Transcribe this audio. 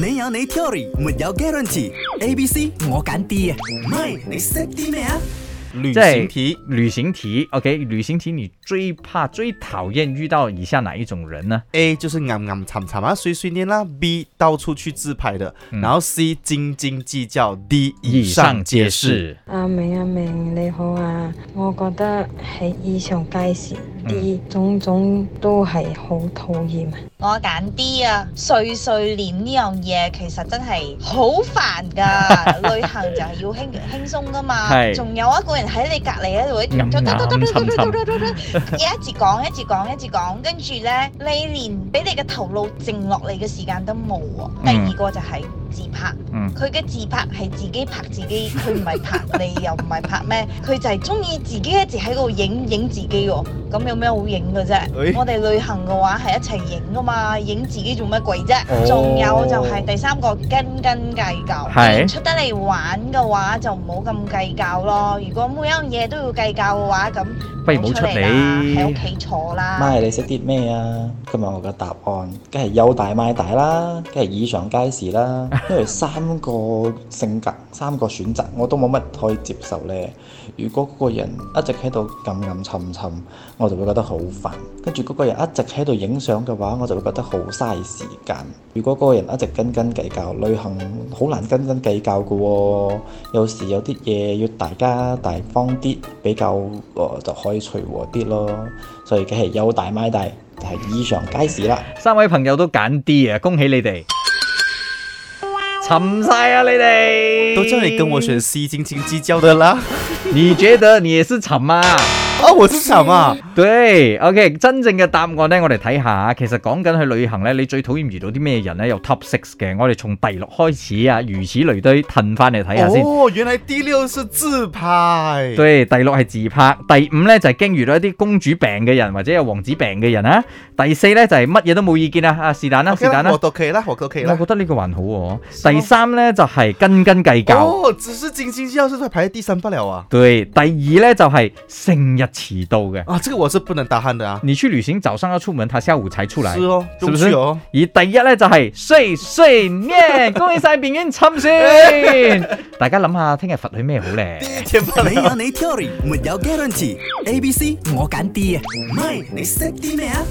你有你 theory 沒有 guarantee。A、B、C 我揀 D 啊，唔係你識啲咩啊？旅行題，旅行題，OK，旅行題，okay, 旅行題你最怕最討厭遇到以下哪一種人呢？A 就是暗暗沉沉啊，碎碎念啦、啊。B 到處去自拍的、嗯，然後 C 斤斤計較。D 以上皆是。阿、啊、明阿、啊、明你好啊，我覺得係以上皆是街市。啲種種都係好討厭啊！我揀 D 啊。碎碎念呢樣嘢其實真係好煩噶。旅行就係要輕輕鬆噶嘛，仲有一個人喺你隔籬喺度，一直講一直講一直講，跟住呢你連俾你嘅頭腦靜落嚟嘅時間都冇啊！第二個就係自拍，佢嘅自拍係自己拍自己，佢唔係拍你又唔係拍咩，佢就係中意自己一直喺度影影自己喎，咁樣。有咩好影嘅啫？我哋旅行嘅話係一齊影啊嘛，影自己做乜鬼啫？仲、哦、有就係第三個斤斤計較，出得嚟玩嘅話就唔好咁計較咯。如果每一樣嘢都要計較嘅話，咁不如唔好出嚟喺屋企坐啦。唔係你識啲咩啊？今日我嘅答案梗係有大買大啦，梗係以上皆是啦。因 為三個性格、三個選擇，我都冇乜可以接受咧。如果嗰個人一直喺度暗暗沉沉，我就會。我覺得好煩，跟住嗰個人一直喺度影相嘅話，我就會覺得好嘥時間。如果嗰個人一直斤斤計較，旅行好難斤斤計較嘅喎，哦。有時有啲嘢，要大家大方啲，比較就可以隨和啲咯。所以佢係優大買大，係以上皆是啦。三位朋友都揀 D 啊，恭喜你哋，沉晒啊你哋。都真係跟我選 C 斤斤計較的啦， 你覺得你也是沉嗎？啊？啊、哦，我先沉啊，對，OK，真正嘅答案呢，我哋睇下。其實講緊去旅行呢，你最討厭遇到啲咩人呢？有 Top Six 嘅，我哋從第六開始啊，如此類推，褪翻嚟睇下先。哦，原來第六是自拍。對，第六係自拍。第五呢就係、是、驚遇到一啲公主病嘅人或者有王子病嘅人啊。第四呢就係乜嘢都冇意見啊。啊，是但啦，是但啦。我到覺得呢個還好、啊。第三呢就係斤斤計較。哦，只是斤斤計較，實在排第三不了啊。對，第二呢就係、是、成日。遲到嘅，啊，這個我是不能打鼾的啊。你去旅行，早上要出門，他下午才出來。是哦，是不是？哦、第一等下咧就係碎碎念。 恭喜晒邊緣親先。 明星 大家諗下聽日佛去咩好咧？你有你 theory 沒有 guarantee，A B C 我揀啲啊，唔 係你識啲咩啊？